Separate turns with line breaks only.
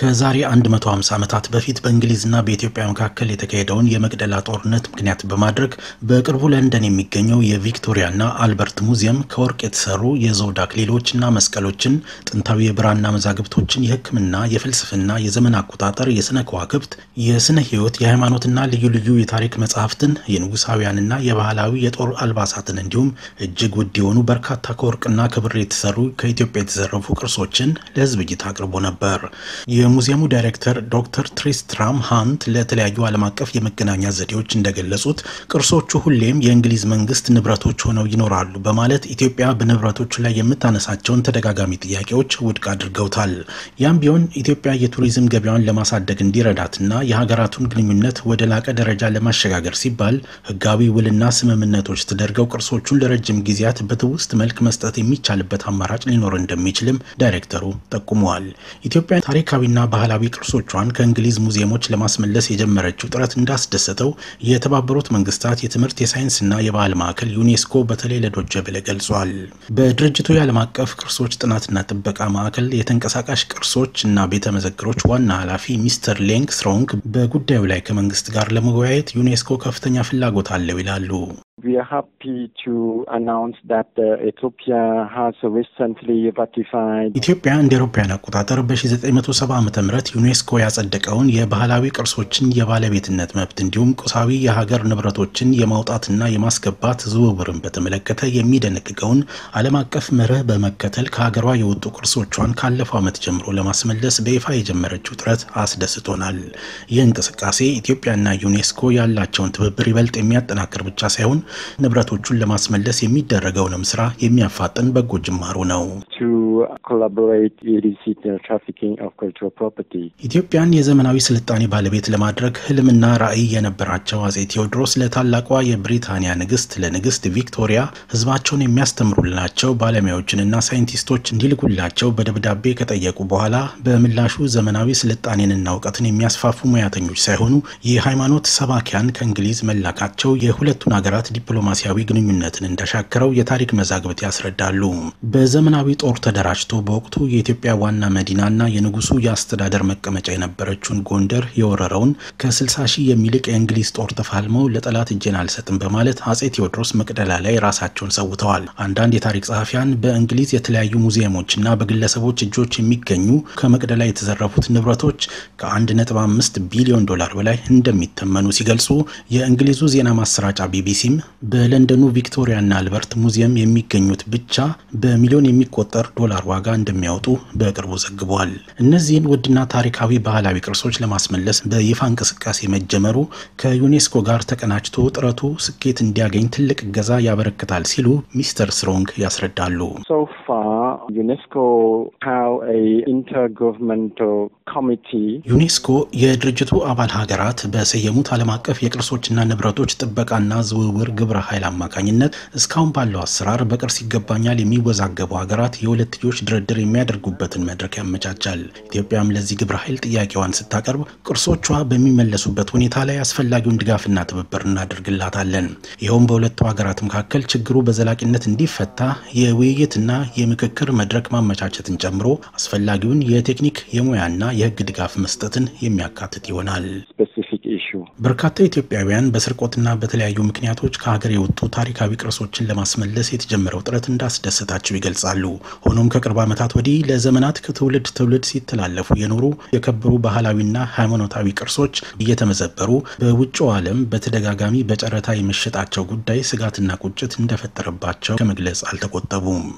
ከዛሬ 150 ዓመታት በፊት በእንግሊዝና በኢትዮጵያ መካከል የተካሄደውን የመቅደላ ጦርነት ምክንያት በማድረግ በቅርቡ ለንደን የሚገኘው የቪክቶሪያና አልበርት ሙዚየም ከወርቅ የተሰሩ የዘውድ አክሊሎችና መስቀሎችን፣ ጥንታዊ የብራና መዛግብቶችን፣ የሕክምና፣ የፍልስፍና፣ የዘመን አቆጣጠር፣ የስነ ከዋክብት፣ የስነ ሕይወት፣ የሃይማኖትና ልዩ ልዩ የታሪክ መጽሐፍትን፣ የንጉሳውያንና የባህላዊ የጦር አልባሳትን እንዲሁም እጅግ ውድ የሆኑ በርካታ ከወርቅና ከብር የተሰሩ ከኢትዮጵያ የተዘረፉ ቅርሶችን ለሕዝብ እይታ አቅርቦ ነበር። የሙዚየሙ ዳይሬክተር ዶክተር ትሪስትራም ሃንት ለተለያዩ ዓለም አቀፍ የመገናኛ ዘዴዎች እንደገለጹት ቅርሶቹ ሁሌም የእንግሊዝ መንግስት ንብረቶች ሆነው ይኖራሉ በማለት ኢትዮጵያ በንብረቶቹ ላይ የምታነሳቸውን ተደጋጋሚ ጥያቄዎች ውድቅ አድርገውታል። ያም ቢሆን ኢትዮጵያ የቱሪዝም ገቢዋን ለማሳደግ እንዲረዳትና የሀገራቱን ግንኙነት ወደ ላቀ ደረጃ ለማሸጋገር ሲባል ህጋዊ ውልና ስምምነቶች ተደርገው ቅርሶቹን ለረጅም ጊዜያት በትውስት መልክ መስጠት የሚቻልበት አማራጭ ሊኖር እንደሚችልም ዳይሬክተሩ ጠቁመዋል። ኢትዮጵያ ታሪካዊና ጥንታዊና ባህላዊ ቅርሶቿን ከእንግሊዝ ሙዚየሞች ለማስመለስ የጀመረችው ጥረት እንዳስደሰተው የተባበሩት መንግስታት የትምህርት የሳይንስና የባህል ማዕከል ዩኔስኮ በተለይ ለዶጀ ብለ ገልጿል። በድርጅቱ የዓለም አቀፍ ቅርሶች ጥናትና ጥበቃ ማዕከል የተንቀሳቃሽ ቅርሶች እና ቤተ መዘክሮች ዋና ኃላፊ ሚስተር ሌንግ ስሮንግ በጉዳዩ ላይ ከመንግስት ጋር ለመወያየት ዩኔስኮ ከፍተኛ ፍላጎት አለው ይላሉ።
We are happy to announce that uh, Ethiopia has recently ratified
ኢትዮጵያ እንደ አውሮፓውያን አቆጣጠር በ1970 ዓ ም ዩኔስኮ ያጸደቀውን የባህላዊ ቅርሶችን የባለቤትነት መብት እንዲሁም ቁሳዊ የሀገር ንብረቶችን የማውጣትና የማስገባት ዝውውርን በተመለከተ የሚደነግገውን ዓለም አቀፍ መርህ በመከተል ከሀገሯ የወጡ ቅርሶቿን ካለፈው ዓመት ጀምሮ ለማስመለስ በይፋ የጀመረችው ጥረት አስደስቶናል። ይህ እንቅስቃሴ ኢትዮጵያና ዩኔስኮ ያላቸውን ትብብር ይበልጥ የሚያጠናክር ብቻ ሳይሆን ንብረቶቹን ለማስመለስ የሚደረገውንም ስራ የሚያፋጥን በጎ ጅማሩ ነው። ኢትዮጵያን የዘመናዊ ስልጣኔ ባለቤት ለማድረግ ህልምና ራዕይ የነበራቸው አጼ ቴዎድሮስ ለታላቋ የብሪታንያ ንግስት ለንግስት ቪክቶሪያ ህዝባቸውን የሚያስተምሩላቸው ባለሙያዎችንና ሳይንቲስቶች እንዲልኩላቸው በደብዳቤ ከጠየቁ በኋላ በምላሹ ዘመናዊ ስልጣኔንና እውቀትን የሚያስፋፉ ሙያተኞች ሳይሆኑ የሃይማኖት ሰባኪያን ከእንግሊዝ መላካቸው የሁለቱን ሀገራት ዲፕሎማሲያዊ ግንኙነትን እንዳሻከረው የታሪክ መዛግብት ያስረዳሉ። በዘመናዊ ጦር ተደራጅቶ በወቅቱ የኢትዮጵያ ዋና መዲናና የንጉሱ የአስተዳደር መቀመጫ የነበረችውን ጎንደር የወረረውን ከ60 ሺህ የሚልቅ የእንግሊዝ ጦር ተፋልመው ለጠላት እጄን አልሰጥም በማለት አጼ ቴዎድሮስ መቅደላ ላይ ራሳቸውን ሰውተዋል። አንዳንድ የታሪክ ጸሐፊያን በእንግሊዝ የተለያዩ ሙዚየሞችና በግለሰቦች እጆች የሚገኙ ከመቅደላ የተዘረፉት ንብረቶች ከ1.5 ቢሊዮን ዶላር በላይ እንደሚተመኑ ሲገልጹ የእንግሊዙ ዜና ማሰራጫ ቢቢሲም በለንደኑ ቪክቶሪያና አልበርት ሙዚየም የሚገኙ ብቻ በሚሊዮን የሚቆጠር ዶላር ዋጋ እንደሚያወጡ በቅርቡ ዘግቧል። እነዚህን ውድና ታሪካዊ ባህላዊ ቅርሶች ለማስመለስ በይፋ እንቅስቃሴ መጀመሩ ከዩኔስኮ ጋር ተቀናጅቶ ጥረቱ ስኬት እንዲያገኝ ትልቅ እገዛ ያበረክታል ሲሉ ሚስተር ስሮንግ ያስረዳሉ። ዩኔስኮ የድርጅቱ አባል ሀገራት በሰየሙት ዓለም አቀፍ የቅርሶችና ንብረቶች ጥበቃና ዝውውር ግብረ ኃይል አማካኝነት እስካሁን ባለው አሰራር በቅርስ ይገ ይገባኛል የሚወዛገቡ ሀገራት የሁለትዮሽ ድርድር የሚያደርጉበትን መድረክ ያመቻቻል። ኢትዮጵያም ለዚህ ግብረ ኃይል ጥያቄዋን ስታቀርብ ቅርሶቿ በሚመለሱበት ሁኔታ ላይ አስፈላጊውን ድጋፍና ትብብር እናደርግላታለን። ይኸውም በሁለቱ ሀገራት መካከል ችግሩ በዘላቂነት እንዲፈታ የውይይትና የምክክር መድረክ ማመቻቸትን ጨምሮ አስፈላጊውን የቴክኒክ የሙያና የሕግ ድጋፍ መስጠትን የሚያካትት ይሆናል። በርካታ ኢትዮጵያውያን በስርቆትና በተለያዩ ምክንያቶች ከሀገር የወጡ ታሪካዊ ቅርሶችን ለማስመለስ የተጀመረው ጥረት እንዳስደሰታቸው ይገልጻሉ። ሆኖም ከቅርብ ዓመታት ወዲህ ለዘመናት ከትውልድ ትውልድ ሲተላለፉ የኖሩ የከበሩ ባህላዊና ሃይማኖታዊ ቅርሶች እየተመዘበሩ በውጭው ዓለም በተደጋጋሚ በጨረታ የመሸጣቸው ጉዳይ ስጋትና ቁጭት እንደፈጠረባቸው ከመግለጽ አልተቆጠቡም።